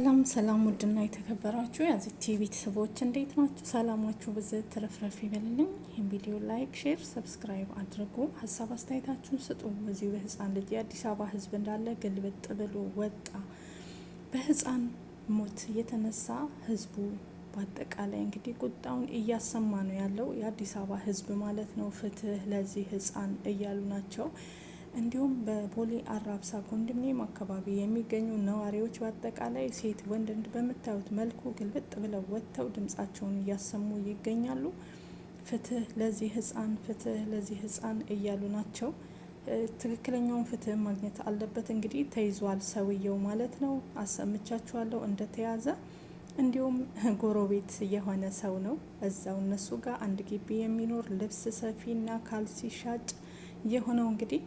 ሰላም ሰላም፣ ውድና የተከበራችሁ ቲቪ ቤተሰቦች እንዴት ናችሁ? ሰላማችሁ ብዝ ትረፍረፍ ይበልልኝ። ይህን ቪዲዮ ላይክ፣ ሼር፣ ሰብስክራይብ አድርጉ። ሀሳብ አስተያየታችሁን ስጡ። በዚሁ በህፃን ልጅ የአዲስ አበባ ህዝብ እንዳለ ግልብጥ ብሎ ወጣ። በህፃን ሞት የተነሳ ህዝቡ በአጠቃላይ እንግዲህ ቁጣውን እያሰማ ነው ያለው የአዲስ አበባ ህዝብ ማለት ነው። ፍትህ ለዚህ ህፃን እያሉ ናቸው። እንዲሁም በቦሌ አራብሳ ኮንዶሚኒየም አካባቢ የሚገኙ ነዋሪዎች በአጠቃላይ ሴት ወንድ በምታዩት መልኩ ግልብጥ ብለው ወጥተው ድምፃቸውን እያሰሙ ይገኛሉ። ፍትህ ለዚህ ህፃን፣ ፍትህ ለዚህ ህፃን እያሉ ናቸው። ትክክለኛውን ፍትህ ማግኘት አለበት። እንግዲህ ተይዟል ሰውየው ማለት ነው። አሰምቻችኋለሁ እንደተያዘ። እንዲሁም ጎረቤት የሆነ ሰው ነው። እዛው እነሱ ጋር አንድ ግቢ የሚኖር ልብስ ሰፊና ካልሲ ሻጭ የሆነው እንግዲህ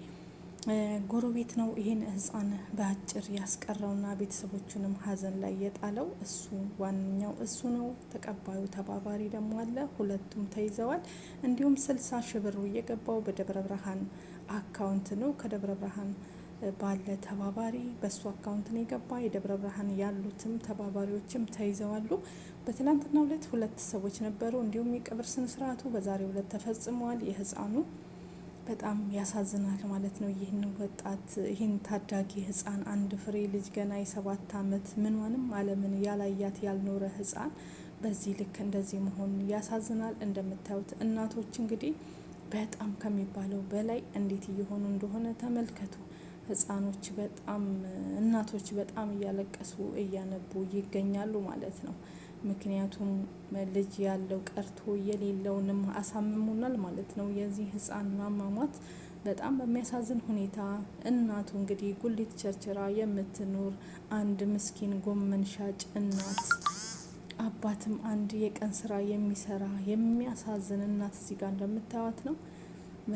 ጎረቤት ነው ይህን ህፃን በአጭር ያስቀረውና ቤተሰቦቹንም ሀዘን ላይ የጣለው እሱ ዋነኛው እሱ ነው። ተቀባዩ ተባባሪ ደግሞ አለ። ሁለቱም ተይዘዋል። እንዲሁም ስልሳ ሺ እየገባው በደብረ ብርሃን አካውንት ነው ከደብረ ብርሃን ባለ ተባባሪ በእሱ አካውንት ነው የገባ። የደብረ ብርሃን ያሉትም ተባባሪዎችም ተይዘዋሉ። በትናንትናው ሁለት ሁለት ሰዎች ነበሩ። እንዲሁም የቀብር ስነስርዓቱ በዛሬ ሁለት ተፈጽመዋል የህፃኑ በጣም ያሳዝናል ማለት ነው። ይህን ወጣት ይህን ታዳጊ ህፃን አንድ ፍሬ ልጅ ገና የሰባት አመት ምንንም አለምን ያላያት ያልኖረ ህፃን በዚህ ልክ እንደዚህ መሆን ያሳዝናል። እንደምታዩት እናቶች እንግዲህ በጣም ከሚባለው በላይ እንዴት እየሆኑ እንደሆነ ተመልከቱ። ህፃኖች በጣም እናቶች በጣም እያለቀሱ እያነቡ ይገኛሉ ማለት ነው። ምክንያቱም ልጅ ያለው ቀርቶ የሌለውንም አሳምሞናል ማለት ነው። የዚህ ህፃን ማሟሟት በጣም በሚያሳዝን ሁኔታ እናቱ እንግዲህ ጉሊት ቸርችራ የምትኖር አንድ ምስኪን ጎመን ሻጭ እናት፣ አባትም አንድ የቀን ስራ የሚሰራ የሚያሳዝን እናት እዚህ ጋር እንደምታዩት ነው።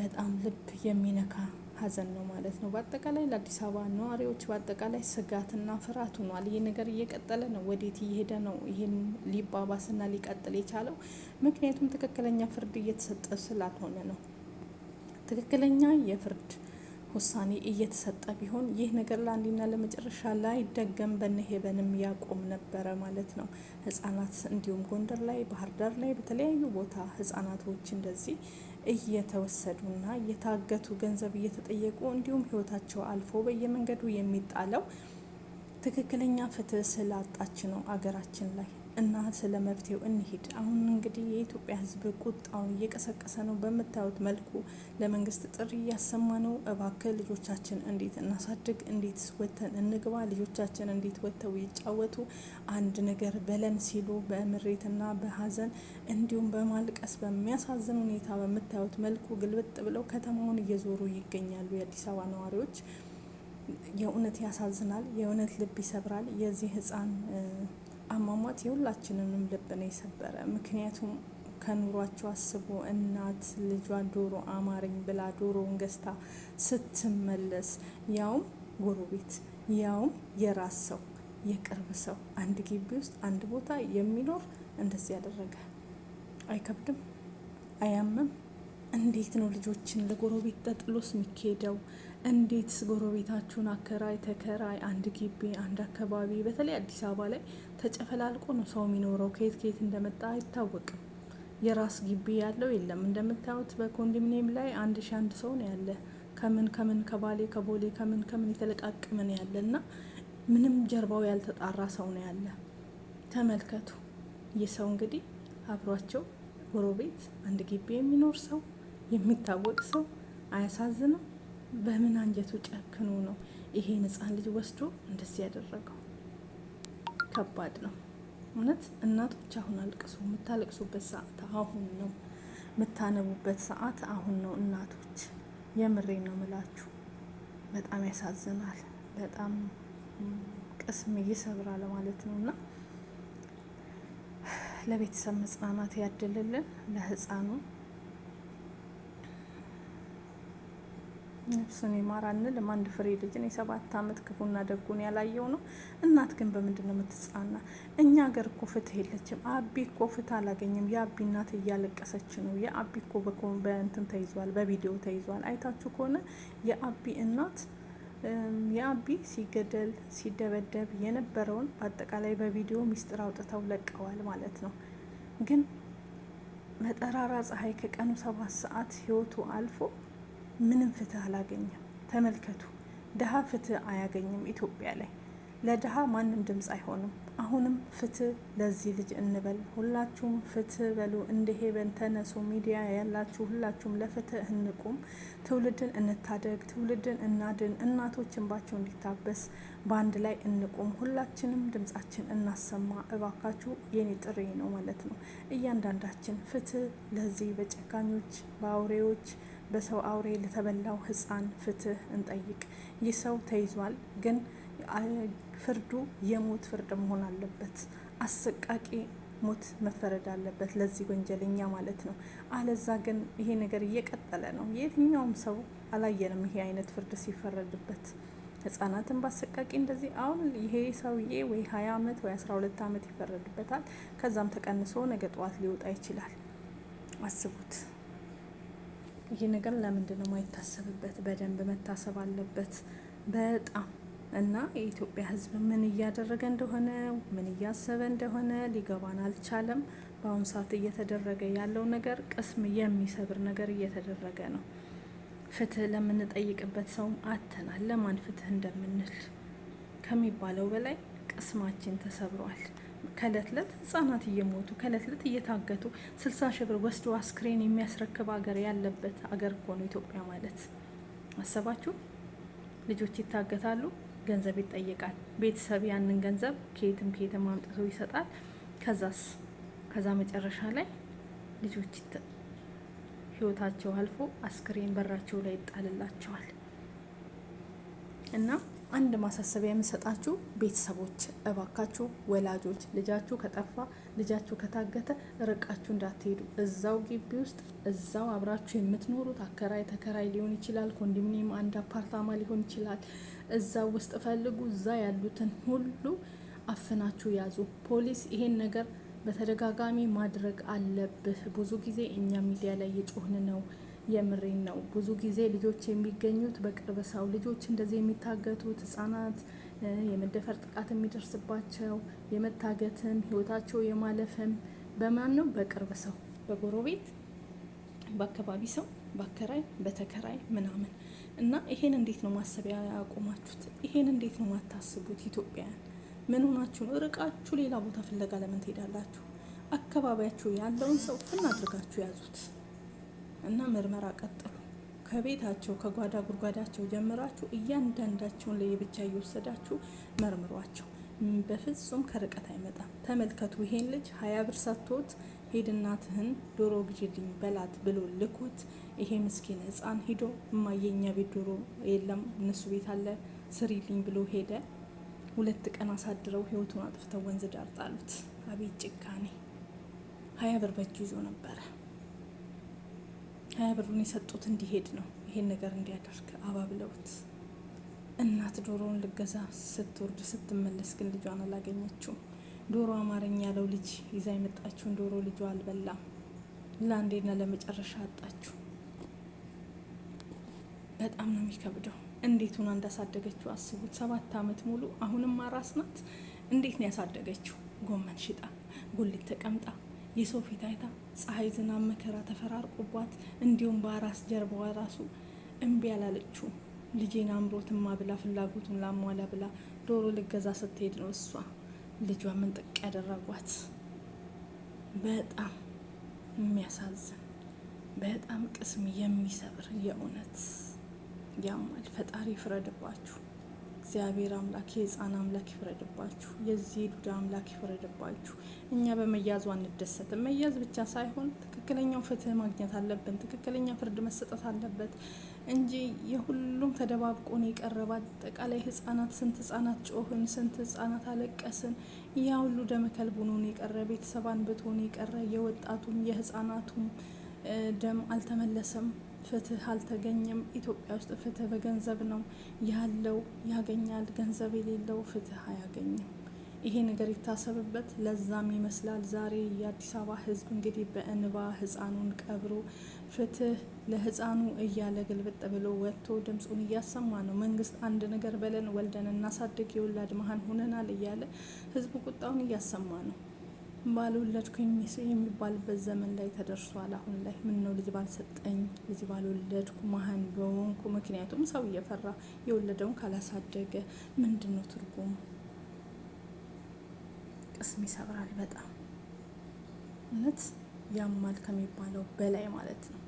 በጣም ልብ የሚነካ ሀዘን ነው ማለት ነው። በአጠቃላይ ለአዲስ አበባ ነዋሪዎች በአጠቃላይ ስጋትና ፍርሃት ሆኗል። ይህ ነገር እየቀጠለ ነው፣ ወዴት እየሄደ ነው? ይህን ሊባባስና ሊቀጥል የቻለው ምክንያቱም ትክክለኛ ፍርድ እየተሰጠ ስላልሆነ ነው። ትክክለኛ የፍርድ ውሳኔ እየተሰጠ ቢሆን ይህ ነገር ለአንዴና ለመጨረሻ ላይ ደገም በነሄበንም ያቆም ነበረ ማለት ነው። ህጻናት እንዲሁም ጎንደር ላይ፣ ባህር ዳር ላይ በተለያዩ ቦታ ህጻናቶች እንደዚህ እየተወሰዱና እየታገቱ ገንዘብ እየተጠየቁ እንዲሁም ህይወታቸው አልፎ በየመንገዱ የሚጣለው ትክክለኛ ፍትህ ስላጣች ነው አገራችን ላይ እና ስለ መፍትሄው እንሂድ። አሁን እንግዲህ የኢትዮጵያ ሕዝብ ቁጣውን እየቀሰቀሰ ነው። በምታዩት መልኩ ለመንግስት ጥሪ እያሰማ ነው። እባክህ ልጆቻችን እንዴት እናሳድግ? እንዴት ወተን እንግባ? ልጆቻችን እንዴት ወጥተው ይጫወቱ? አንድ ነገር በለን ሲሉ በምሬትና በሀዘን እንዲሁም በማልቀስ በሚያሳዝን ሁኔታ በምታዩት መልኩ ግልብጥ ብለው ከተማውን እየዞሩ ይገኛሉ የአዲስ አበባ ነዋሪዎች። የእውነት ያሳዝናል። የእውነት ልብ ይሰብራል። የዚህ ህፃን አሟሟት የሁላችንንም ልብ ነው የሰበረ። ምክንያቱም ከኑሯቸው አስቦ እናት ልጇ ዶሮ አማረኝ ብላ ዶሮውን ገዝታ ስትመለስ ያውም ጎረቤት ያውም የራስ ሰው የቅርብ ሰው አንድ ግቢ ውስጥ አንድ ቦታ የሚኖር እንደዚህ ያደረገ አይከብድም? አያምም? እንዴት ነው ልጆችን ለጎረቤት ተጥሎስ የሚካሄደው እንዴትስ ጎረቤታችሁን አከራይ ተከራይ፣ አንድ ግቢ አንድ አካባቢ፣ በተለይ አዲስ አበባ ላይ ተጨፈላልቆ ነው ሰው የሚኖረው። ከየት ከየት እንደመጣ አይታወቅም። የራስ ግቢ ያለው የለም። እንደምታዩት በኮንዶሚኒየም ላይ አንድ ሺ አንድ ሰው ነው ያለ። ከምን ከምን ከባሌ ከቦሌ ከምን ከምን የተለቃቅመ ነው ያለ እና ምንም ጀርባው ያልተጣራ ሰው ነው ያለ። ተመልከቱ። ይህ ሰው እንግዲህ አብሯቸው ጎረቤት አንድ ግቢ የሚኖር ሰው የሚታወቅ ሰው አያሳዝንም? በምን አንጀቱ ጨክኑ ነው ይሄን ህፃን ልጅ ወስዶ እንደዚህ ያደረገው? ከባድ ነው እውነት። እናቶች አሁን አልቅሱ፣ የምታለቅሱበት ሰዓት አሁን ነው፣ የምታነቡበት ሰዓት አሁን ነው። እናቶች የምሬ ነው ምላችሁ፣ በጣም ያሳዝናል። በጣም ቅስም ይሰብራል ማለት ነው እና ለቤተሰብ መጽናናት ያድልልን ለህፃኑ እሱን የማራ እንልም አንድ ፍሬ ልጅ ነው። የሰባት ዓመት ክፉና ደጉን ያላየው ነው። እናት ግን በምንድን ነው እኛ ሀገር እኮ ፍትህ የለችም። አቢ እኮ ፍትህ አላገኘም። የአቢ እናት እያለቀሰች ነው። የአቢ እኮ በእንትን ተይዟል፣ በቪዲዮ ተይዟል። አይታችሁ ከሆነ የአቢ እናት የአቢ ሲገደል ሲደበደብ የነበረውን በአጠቃላይ በቪዲዮ ሚስጥር አውጥተው ለቀዋል ማለት ነው ግን መጠራራ ፀሐይ ከቀኑ ሰባት ሰዓት ህይወቱ አልፎ ምንም ፍትህ አላገኘም። ተመልከቱ፣ ድሀ ፍትህ አያገኝም ኢትዮጵያ ላይ ለድሀ ማንም ድምፅ አይሆንም። አሁንም ፍትህ ለዚህ ልጅ እንበል፣ ሁላችሁም ፍትህ በሉ። እንደሄ ተነሱ፣ ሚዲያ ያላችሁ ሁላችሁም ለፍትህ እንቁም። ትውልድን እንታደግ፣ ትውልድን እናድን። እናቶች እንባቸው እንዲታበስ በአንድ ላይ እንቁም። ሁላችንም ድምጻችን እናሰማ እባካችሁ። የኔ ጥሪ ነው ማለት ነው። እያንዳንዳችን ፍትህ ለዚህ በጨካኞች በአውሬዎች በሰው አውሬ ለተበላው ህፃን ፍትህ እንጠይቅ። ይህ ሰው ተይዟል፣ ግን ፍርዱ የሞት ፍርድ መሆን አለበት። አሰቃቂ ሞት መፈረድ አለበት ለዚህ ወንጀለኛ ማለት ነው። አለዛ ግን ይሄ ነገር እየቀጠለ ነው። የትኛውም ሰው አላየንም ይሄ አይነት ፍርድ ሲፈረድበት ህጻናትን በአሰቃቂ እንደዚህ። አሁን ይሄ ሰውዬ ወይ ሀያ አመት ወይ አስራ ሁለት አመት ይፈረድበታል። ከዛም ተቀንሶ ነገ ጠዋት ሊወጣ ይችላል። አስቡት። ይህ ነገር ለምንድን ነው ማይታሰብበት? በደንብ መታሰብ አለበት በጣም እና የኢትዮጵያ ሕዝብ ምን እያደረገ እንደሆነ ምን እያሰበ እንደሆነ ሊገባን አልቻለም። በአሁኑ ሰዓት እየተደረገ ያለው ነገር ቅስም የሚሰብር ነገር እየተደረገ ነው። ፍትህ ለምንጠይቅበት ሰውም አተናል ለማን ፍትህ እንደምንል ከሚባለው በላይ ቅስማችን ተሰብሯል። ከእለት እለት ህጻናት እየሞቱ ከእለት ለት እየታገቱ ስልሳ ሺህ ብር ወስዶ አስክሬን የሚያስረክብ ሀገር ያለበት አገር እኮ ነው ኢትዮጵያ ማለት አሰባችሁ። ልጆች ይታገታሉ፣ ገንዘብ ይጠየቃል። ቤተሰብ ያንን ገንዘብ ከየትም ከየትም አምጥቶ ይሰጣል። ከዛስ ከዛ መጨረሻ ላይ ልጆች ህይወታቸው አልፎ አስክሬን በራቸው ላይ ይጣልላቸዋል እና አንድ ማሳሰቢያ የምሰጣችሁ ቤተሰቦች እባካችሁ ወላጆች ልጃችሁ ከጠፋ ልጃችሁ ከታገተ ርቃችሁ እንዳትሄዱ። እዛው ግቢ ውስጥ እዛው አብራችሁ የምትኖሩት አከራይ ተከራይ ሊሆን ይችላል፣ ኮንዶሚኒየም አንድ አፓርታማ ሊሆን ይችላል። እዛው ውስጥ ፈልጉ። እዛ ያሉትን ሁሉ አፍናችሁ ያዙ። ፖሊስ ይሄን ነገር በተደጋጋሚ ማድረግ አለብህ። ብዙ ጊዜ እኛ ሚዲያ ላይ የጮህን ነው የምሬን ነው። ብዙ ጊዜ ልጆች የሚገኙት በቅርብ ሰው ልጆች እንደዚህ የሚታገቱት ህጻናት የመደፈር ጥቃት የሚደርስባቸው የመታገትም ህይወታቸው የማለፍም በማን ነው? በቅርብ ሰው፣ በጎረቤት፣ በአካባቢ ሰው፣ በአከራይ፣ በተከራይ ምናምን እና ይሄን እንዴት ነው ማሰቢያ ያቆማችሁት? ይሄን እንዴት ነው ማታስቡት? ኢትዮጵያውያን ምን ሆናችሁ ነው? ርቃችሁ ሌላ ቦታ ፍለጋ ለምን ትሄዳላችሁ? አካባቢያችሁ ያለውን ሰው ፍን አድርጋችሁ ያዙት። እና ምርመራ ቀጠሉ። ከቤታቸው ከጓዳ ጉድጓዳቸው ጀምራችሁ እያንዳንዳቸውን ለየብቻ እየወሰዳችሁ መርምሯቸው። በፍጹም ከርቀት አይመጣም። ተመልከቱ፣ ይሄን ልጅ ሀያ ብር ሰጥቶት ሄድናትህን እናትህን ዶሮ ግዢልኝ በላት ብሎ ልኮት፣ ይሄ ምስኪን ህፃን ሂዶ እማየኛ ቤት ዶሮ የለም እነሱ ቤት አለ ስሪልኝ ብሎ ሄደ። ሁለት ቀን አሳድረው ህይወቱን አጥፍተው ወንዝ ዳር ጣሉት። አቤት ጭካኔ! ሀያ ብር በእጁ ይዞ ነበረ። ሀያ ብሩን የሰጡት እንዲሄድ ነው። ይሄን ነገር እንዲያደርግ አባብለውት እናት ዶሮውን ልገዛ ስትወርድ ስትመለስ ግን ልጇን አላገኘችውም። ዶሮ አማረኝ ያለው ልጅ ይዛ የመጣችውን ዶሮ ልጇ አልበላም። ለአንዴና ለመጨረሻ አጣችሁ። በጣም ነው የሚከብደው። እንዴቱን እንዳሳደገችው አስቡት። ሰባት አመት ሙሉ አሁንም አራስ ናት። እንዴት ነው ያሳደገችው? ጎመን ሽጣ፣ ጉሊት ተቀምጣ የሰው ፊት አይታ ፀሐይ፣ ዝናብ፣ መከራ ተፈራርቆባት እንዲሁም በአራስ ጀርባዋ ራሱ እምቢ አላለችው። ልጄን አምሮትማ ብላ ፍላጎቱን ላሟላ ብላ ዶሮ ልገዛ ስትሄድ ነው እሷ ልጇ ምንጥቅ ያደረጓት። በጣም የሚያሳዝን በጣም ቅስም የሚሰብር የእውነት ያማል። ፈጣሪ ፍረድባችሁ። እግዚአብሔር አምላክ የህፃን አምላክ ይፍረድባችሁ። የዚህ ዱዳ አምላክ ይፍረድባችሁ። እኛ በመያዙ አንደሰትም። መያዝ ብቻ ሳይሆን ትክክለኛው ፍትህ ማግኘት አለብን። ትክክለኛ ፍርድ መሰጠት አለበት እንጂ የሁሉም ተደባብቆን የቀረበ አጠቃላይ ህጻናት ስንት ህጻናት ጮህን፣ ስንት ህጻናት አለቀስን። ያ ሁሉ ደመከልብ የቀረ ቤተሰብ አንብቶን የቀረ የወጣቱም የህጻናቱም ደም አልተመለሰም። ፍትህ አልተገኘም። ኢትዮጵያ ውስጥ ፍትህ በገንዘብ ነው ያለው፣ ያገኛል። ገንዘብ የሌለው ፍትህ አያገኝም። ይሄ ነገር ይታሰብበት። ለዛም ይመስላል ዛሬ የአዲስ አበባ ህዝብ እንግዲህ በእንባ ህፃኑን ቀብሮ ፍትህ ለህፃኑ እያለ ግልብጥ ብሎ ወጥቶ ድምፁን እያሰማ ነው። መንግስት አንድ ነገር በለን፣ ወልደን እናሳድግ፣ የወላድ መሀን ሆነናል እያለ ህዝቡ ቁጣውን እያሰማ ነው። ባልወለድኩኝ የሚባልበት ዘመን ላይ ተደርሷል። አሁን ላይ ምን ነው ልጅ ባልሰጠኝ፣ ልጅ ባልወለድኩ፣ መሀን በሆንኩ። ምክንያቱም ሰው እየፈራ የወለደውን ካላሳደገ ምንድን ነው ትርጉሙ? ቅስም ይሰብራል በጣም እውነት ያማል ከሚባለው በላይ ማለት ነው።